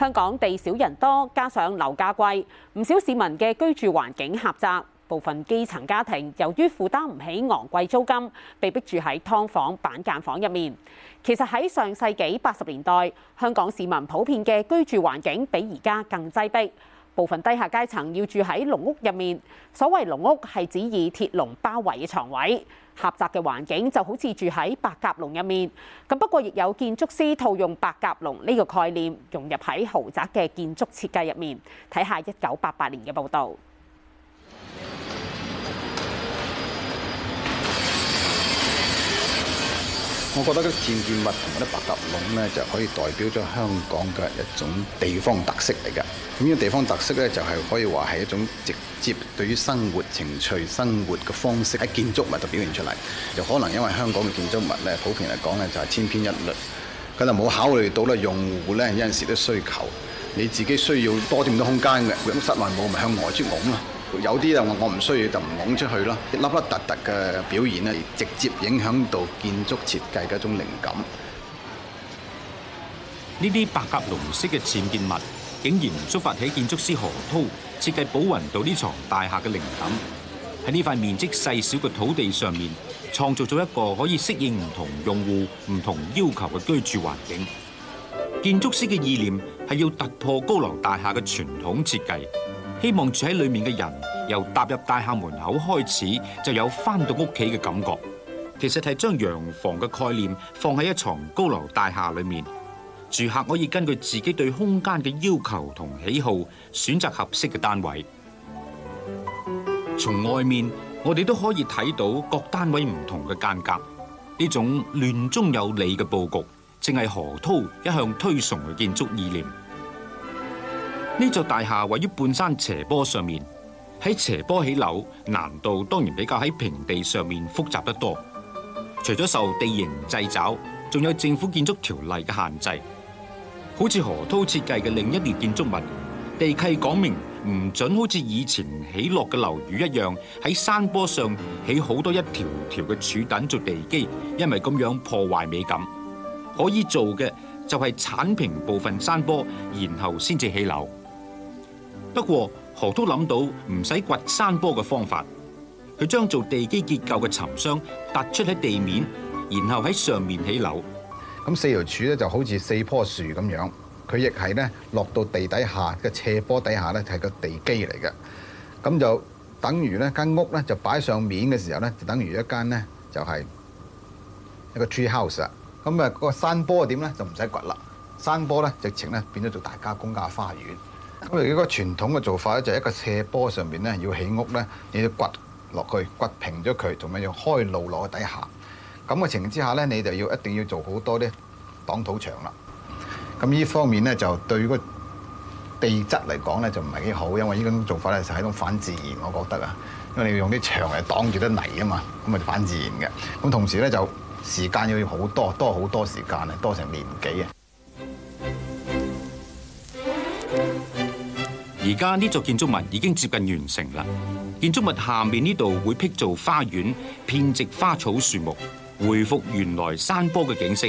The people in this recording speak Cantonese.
香港地少人多，加上樓價貴，唔少市民嘅居住環境狹窄。部分基層家庭由於負擔唔起昂貴租金，被逼住喺劏房、板間房入面。其實喺上世紀八十年代，香港市民普遍嘅居住環境比而家更擠迫。部分低下階層要住喺籠屋入面，所謂籠屋係指以鐵籠包圍嘅床位，狹窄嘅環境就好似住喺白鴿籠入面。咁不過亦有建築師套用白鴿籠呢個概念，融入喺豪宅嘅建築設計入面。睇下一九八八年嘅報導。我覺得啲僭建物同埋啲白鴿籠咧，就可以代表咗香港嘅一種地方特色嚟嘅。咁呢個地方特色咧，就係可以話係一種直接對於生活情趣、生活嘅方式喺建築物度表現出嚟。就可能因為香港嘅建築物咧，普遍嚟講咧就係千篇一律，佢就冇考慮到咧，用戶咧有陣時啲需求，你自己需要多啲咁多空間嘅，咁室內冇咪向外邊拱咯。有啲人話我唔需要就唔攬出去啦。凹凹凸凸嘅表現咧，直接影響到建築設計嘅一種靈感。呢啲白鴿籠式嘅僭建物，竟然觸發起建築師何滔設計寶雲道呢幢大廈嘅靈感。喺呢塊面積細小嘅土地上面，創造咗一個可以適應唔同用戶、唔同要求嘅居住環境。建築師嘅意念係要突破高樓大廈嘅傳統設計。希望住喺裏面嘅人，由踏入大廈門口開始，就有返到屋企嘅感覺。其實係將洋房嘅概念放喺一幢高樓大廈裏面，住客可以根據自己對空間嘅要求同喜好，選擇合適嘅單位。從外面我哋都可以睇到各單位唔同嘅間隔，呢種亂中有理嘅佈局，正係何濤一向推崇嘅建築意念。呢座大廈位於半山斜坡上面，喺斜坡起樓難度當然比較喺平地上面複雜得多。除咗受地形掣肘，仲有政府建築條例嘅限制。好似何弢設計嘅另一列建築物，地契講明唔准好似以前起落嘅樓宇一樣喺山坡上起好多一條條嘅柱墩做地基，因為咁樣破壞美感。可以做嘅就係鏟平部分山坡，然後先至起樓。不過何都諗到唔使掘山坡嘅方法，佢將做地基結構嘅沉箱突出喺地面，然後喺上面起樓。咁四條柱咧就好似四棵樹咁樣，佢亦係咧落到地底下嘅斜坡底下咧係個地基嚟嘅。咁就等於咧間屋咧就擺上面嘅時候咧就等於一間咧就係一個 tree house 啦。咁啊個山坡點咧就唔使掘啦，山坡咧直情咧變咗做大家公家花園。咁，如果個傳統嘅做法咧，就係一個斜坡上面，咧要起屋咧，你要掘落去，掘平咗佢，同埋要開路落去底下。咁嘅情況之下咧，你就要一定要做好多啲擋土牆啦。咁呢方面咧就對個地質嚟講咧就唔係幾好，因為呢種做法咧就係一種反自然，我覺得啊，因為你要用啲牆嚟擋住啲泥啊嘛，咁啊反自然嘅。咁同時咧就時間要好多，多好多時間啊，多成年幾啊。而家呢座建築物已經接近完成啦，建築物下面呢度會闢做花園，遍植花草樹木，恢復原來山坡嘅景色。